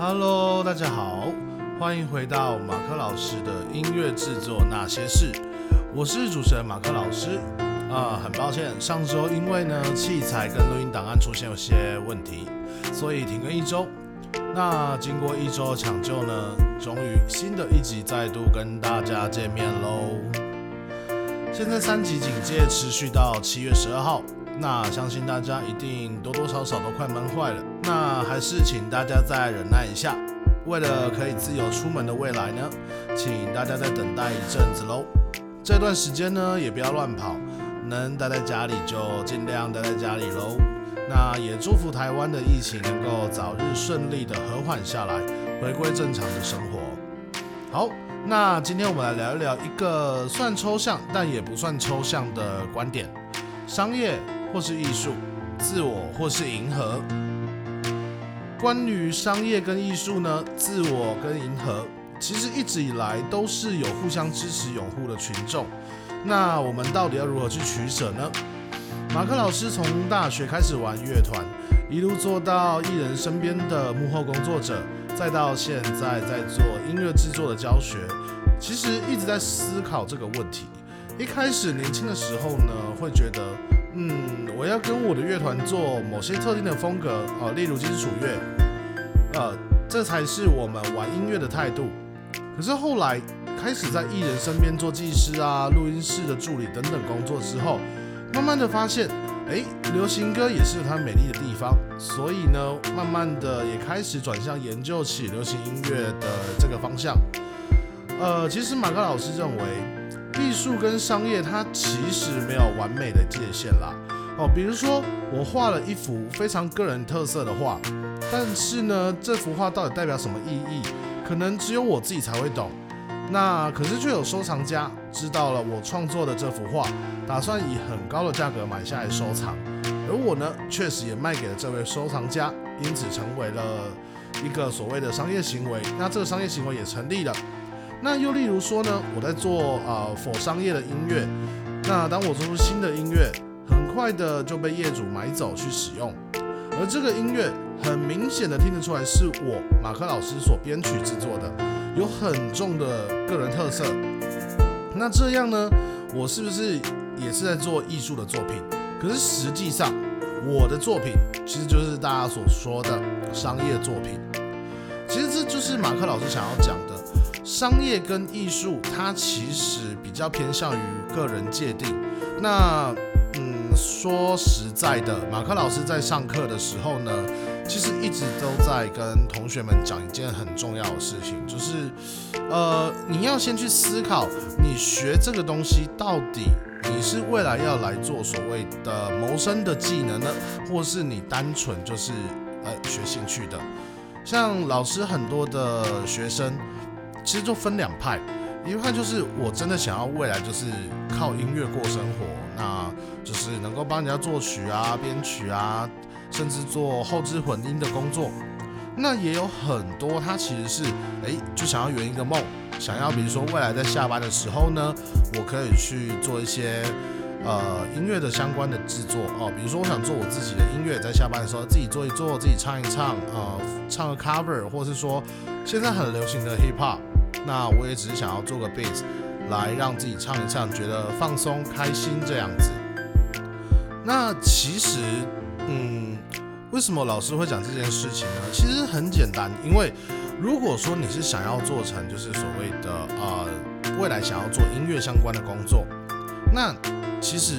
Hello，大家好，歡迎回到馬克老師的音樂製作那些事。我是主持人馬克老師。啊、呃，很抱歉，上周因為呢器材跟錄音檔案出現有些問題，所以停更一周。那經過一周的搶救呢，終於新的一集再度跟大家見面嘍。現在三級警戒持續到七月十二號，那相信大家一定多多少少都快悶壞了。那還是請大家再忍耐一下，為了可以自由出門的未來呢，請大家再等待一陣子嘍。這段時間呢，也不要亂跑，能待在家裡就盡量待在家裡嘍。那也祝福台灣的疫情能夠早日順利的和緩下來，回歸正常的生活。好，那今天我們來聊一聊一個算抽象但也不算抽象的觀點，商業或是藝術，自我或是迎合。關於商業跟藝術呢，自我跟迎合，其實一直以來都是有互相支持擁護的群眾。那我們到底要如何去取捨呢？馬克老師從大學開始玩樂團，一路做到藝人身邊的幕後工作者，再到現在在做音樂製作的教學，其實一直在思考這個問題。一開始年輕的時候呢，會覺得要跟我的樂團做某些特定的風格哦、呃，例如金屬樂，呃，這才是我們玩音樂的態度。可是後來開始在藝人身邊做技師啊、錄音室的助理等等工作之後，慢慢的發現，誒，流行歌也是它美麗的地方。所以呢，慢慢的也開始轉向研究起流行音樂的這個方向。呃，其實馬克老師認為，藝術跟商業它其實沒有完美的界限啦。哦，比如說我畫了一幅非常個人特色的畫，但是呢，這幅畫到底代表什麼意義，可能只有我自己才會懂。那可是卻有收藏家知道了我創作的這幅畫，打算以很高的價格買下來收藏。而我呢，確實也賣給了這位收藏家，因此成為了一個所謂的商業行為。那這個商業行為也成立了。那又例如說呢，我在做啊，否、呃、商業的音樂。那當我做出新的音樂。快的就被業主買走去使用，而這個音樂很明顯的聽得出來是我馬克老師所編曲制作的，有很重的個人特色。那這樣呢？我是不是也是在做藝術的作品？可是實際上我的作品其實就是大家所說的商業作品。其實這就是馬克老師想要講的，商業跟藝術它其實比較偏向於個人界定。那說實在的，馬克老師在上課的時候呢，其實一直都在跟同學們講一件很重要的事情，就是，呃，你要先去思考，你學這個東西到底你是未來要來做所謂的謀生的技能呢，或是你單純就是呃學興趣的。像老師很多的學生，其實就分兩派。一半就是我真的想要未來就是靠音樂過生活，那就是能夠幫人家作曲啊、編曲啊，甚至做後置混音的工作。那也有很多他其實是哎，就想要圓一個夢，想要比如說未來在下班的時候呢，我可以去做一些呃音樂的相關的製作哦、呃，比如說我想做我自己的音樂，在下班的時候自己做一做，自己唱一唱，呃，唱個 cover，或是說現在很流行的 hip hop。那我也只是想要做個 bass 來讓自己唱一唱，覺得放鬆，開心這樣子。那其實，嗯，為什麼老師會講這件事情呢？其實很簡單，因為如果說你是想要做成就是所謂的呃未來想要做音樂相關的工作，那其實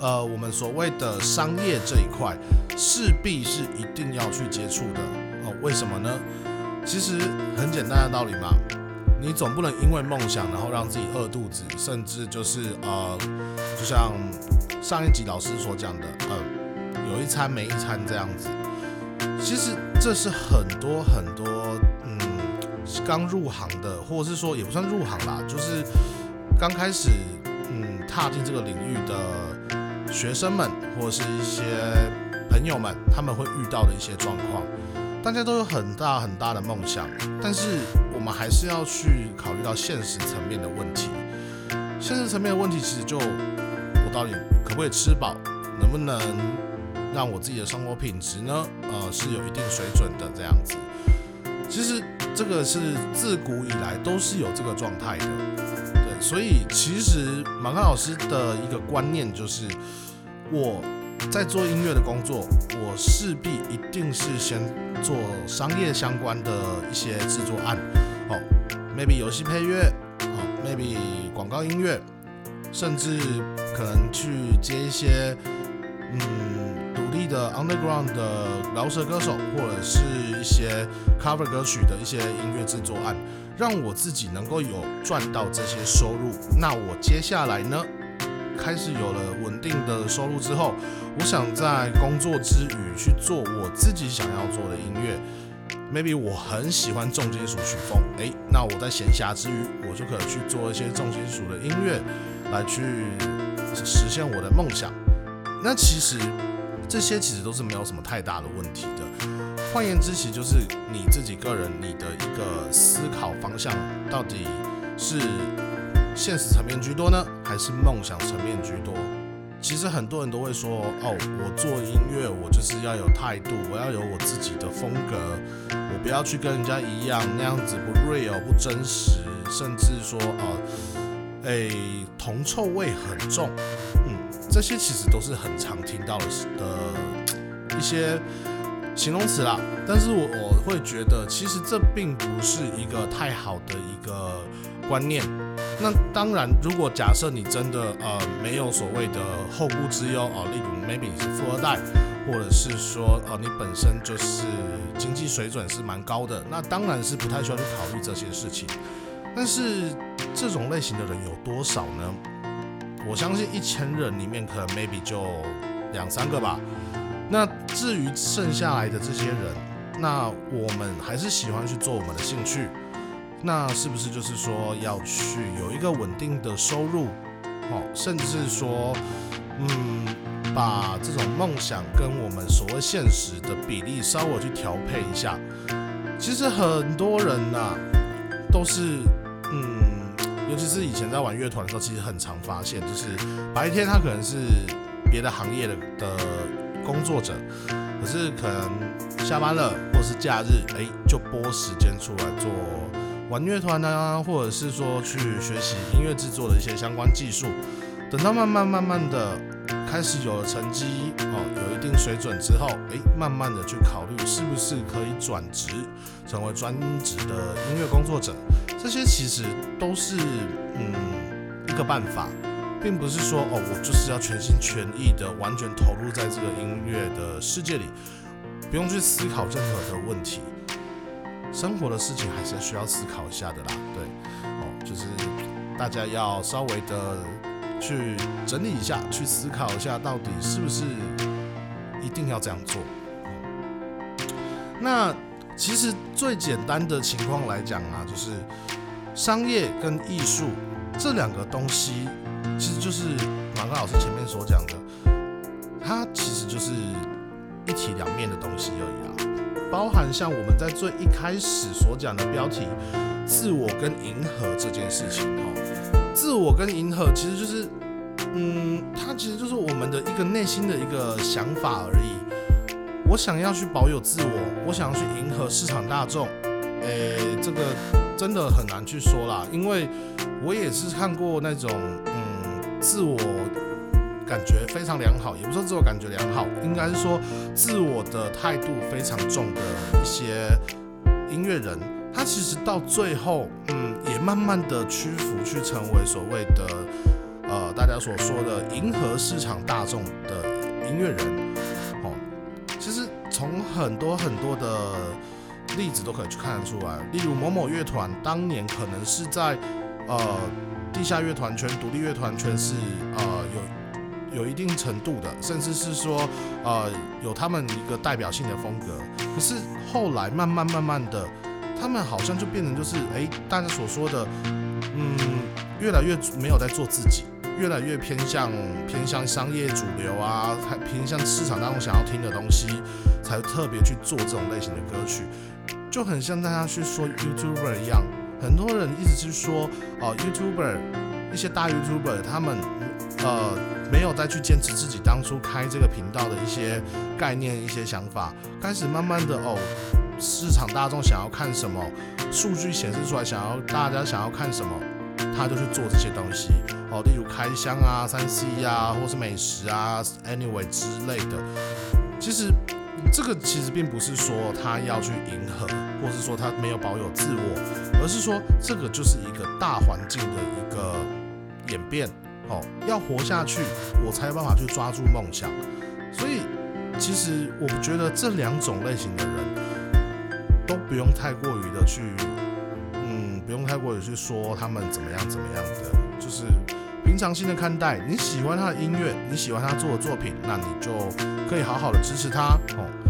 呃我們所謂的商業這一塊勢必是一定要去接觸的哦，呃。為什麼呢？其實很簡單的道理嘛，你總不能因為夢想，然後讓自己餓肚子，甚至就是呃，就像上一集老師所講的，呃，有一餐沒一餐這樣子。其實這是很多很多，嗯，剛入行的，或者是說也不算入行啦，就是剛開始嗯踏進這個領域的學生們，或者是一些朋友們，他們會遇到的一些狀況。大家都有很大很大的夢想，但是我們還是要去考慮到現實層面的問題。現實層面的問題，其實就我到底可不可以吃飽，能不能讓我自己的生活品質呢？呃，是有一定水準的這樣子。其實這個是自古以來都是有這個狀態的。對，所以其實馬克老師的一個觀念就是我在做音樂的工作，我勢必一定是先做商業相關的一些制作案，哦，maybe 遊戲配樂，哦，maybe 廣告音樂，甚至可能去接一些嗯獨立的 underground 的饒舌歌手或者是一些 cover 歌曲的一些音樂制作案，讓我自己能夠有賺到這些收入。那我接下來呢？開始有了穩定的收入之後，我想在工作之餘去做我自己想要做的音樂。Maybe 我很喜歡重金屬曲風，誒、欸，那我在閒暇之餘，我就可以去做一些重金屬的音樂，來去實現我的夢想。那其實這些其實都是沒有什麼太大的問題的。換言之，其實就是你自己個人你的一個思考方向到底是。現實層面居多呢，還是夢想層面居多？其實很多人都會說：“哦，我做音樂，我就是要有態度，我要有我自己的風格，我不要去跟人家一樣，那樣子不 real 不真實，甚至說哦，哎、呃，欸，銅臭味很重。”嗯，這些其實都是很常聽到的，一些形容詞啦。但是我，我我會覺得，其實這並不是一個太好的一個觀念。那當然，如果假設你真的呃沒有所謂的後顧之憂哦，例如 maybe 你是富二代，或者是說呃你本身就是經濟水準是蠻高的，那當然是不太需要去考慮這些事情。但是這種類型的人有多少呢？我相信一千人裡面可能 maybe 就兩三個吧。那至於剩下來的這些人，那我們還是喜歡去做我們的興趣。那是不是就是說要去有一個穩定的收入？哦，甚至是說，嗯，把這種夢想跟我們所謂現實的比例稍微去調配一下。其實很多人吶，都是，嗯，尤其是以前在玩樂團的時候，其實很常發現，就是白天他可能是別的行業的的工作者，可是可能下班了或是假日，欸，就撥時間出來做。玩樂團呢，或者是說去學習音樂製作的一些相關技術，等到慢慢慢慢的開始有了成績哦，有一定水準之後，哎、欸，慢慢的去考慮是不是可以轉職成為專職的音樂工作者，這些其實都是嗯一個辦法，並不是說哦，我就是要全心全意的完全投入在這個音樂的世界裡，不用去思考任何的問題。生活的事情還是需要思考一下的啦，對，哦，就是大家要稍微的去整理一下，去思考一下，到底是不是一定要這樣做。那其實最簡單的情況來講啊，就是商業跟藝術這兩個東西，其實就是馬哥老師前面所講的，它其實就是一體兩面的東西而已啦、啊。包含像我們在最一開始所講的標題“自我跟迎合”這件事情。自我跟迎合其實就是，嗯，它其實就是我們的一個內心的一個想法而已。我想要去保有自我，我想要去迎合市場大眾，誒，這個真的很難去說啦，因為我也是看過那種，嗯，自我。感覺非常良好，也不是自我感覺良好，應該是說自我的態度非常重的一些音樂人，他其實到最後，嗯，也慢慢的屈服去成為所謂的呃大家所說的迎合市場大眾的音樂人。哦，其實從很多很多的例子都可以去看得出來，例如某某樂團當年可能是在呃地下樂團圈、獨立樂團圈是呃有。有一定程度的，甚至是說，呃，有他們一個代表性的風格。可是後來慢慢慢慢的，他們好像就變成就是，哎、欸，大家所說的，嗯，越來越沒有在做自己，越來越偏向偏向商業主流啊，還偏向市場當中想要聽的東西，才特別去做這種類型的歌曲，就很像大家去說 YouTuber 一樣，很多人一直是說，哦、呃、，YouTuber，一些大 YouTuber，他們，呃。沒有再去堅持自己當初開這個頻道的一些概念、一些想法，開始慢慢的哦，市場大眾想要看什麼，數據顯示出來想要大家想要看什麼，他就去做這些東西哦，例如開箱啊、3C 啊，或是美食啊、Anyway 之類的。其實這個其實並不是說他要去迎合，或是說他沒有保有自我，而是說這個就是一個大環境的一個演變。哦，要活下去，我才有辦法去抓住夢想。所以，其實我覺得這兩種類型的人都不用太過於的去，嗯，不用太過於去說他們怎麼樣怎麼樣的，就是平常心的看待。你喜歡他的音樂，你喜歡他做的作品，那你就可以好好的支持他。哦。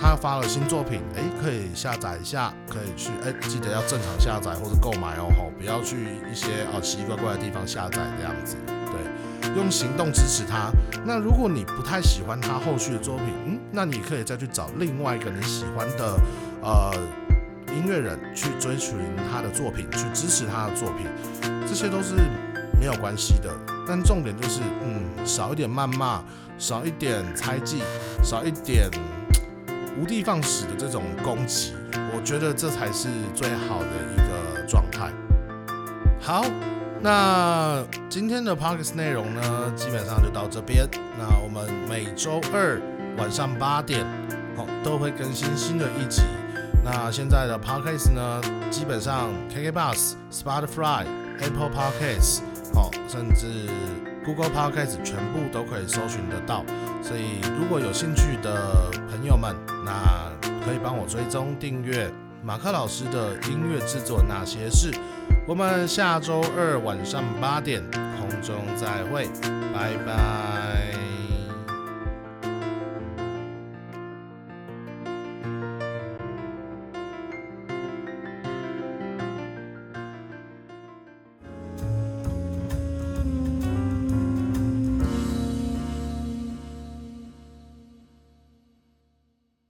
他發了新作品，誒，可以下載一下，可以去，誒，記得要正常下載或者購買哦，吼，不要去一些啊奇奇怪怪的地方下載這樣子。對，用行動支持他。那如果你不太喜歡他後續的作品，嗯，那你可以再去找另外一個你喜歡的，呃，音樂人去追尋他的作品，去支持他的作品，這些都是沒有關係的。但重點就是，嗯，少一點謾罵，少一點猜忌，少一點。無的放矢的這種攻擊，我覺得這才是最好的一個狀態。好，那今天的 podcast 內容呢，基本上就到這邊。那我們每周二晚上八點，好，都會更新新的一集。那現在的 podcast 呢，基本上 KKBox Spotify、Apple Podcasts，好，甚至。Google Podcast 全部都可以搜尋得到，所以如果有興趣的朋友們，那可以幫我追蹤訂閱馬克老師的音樂製作那些事。我們下周二晚上八點空中再會，拜拜。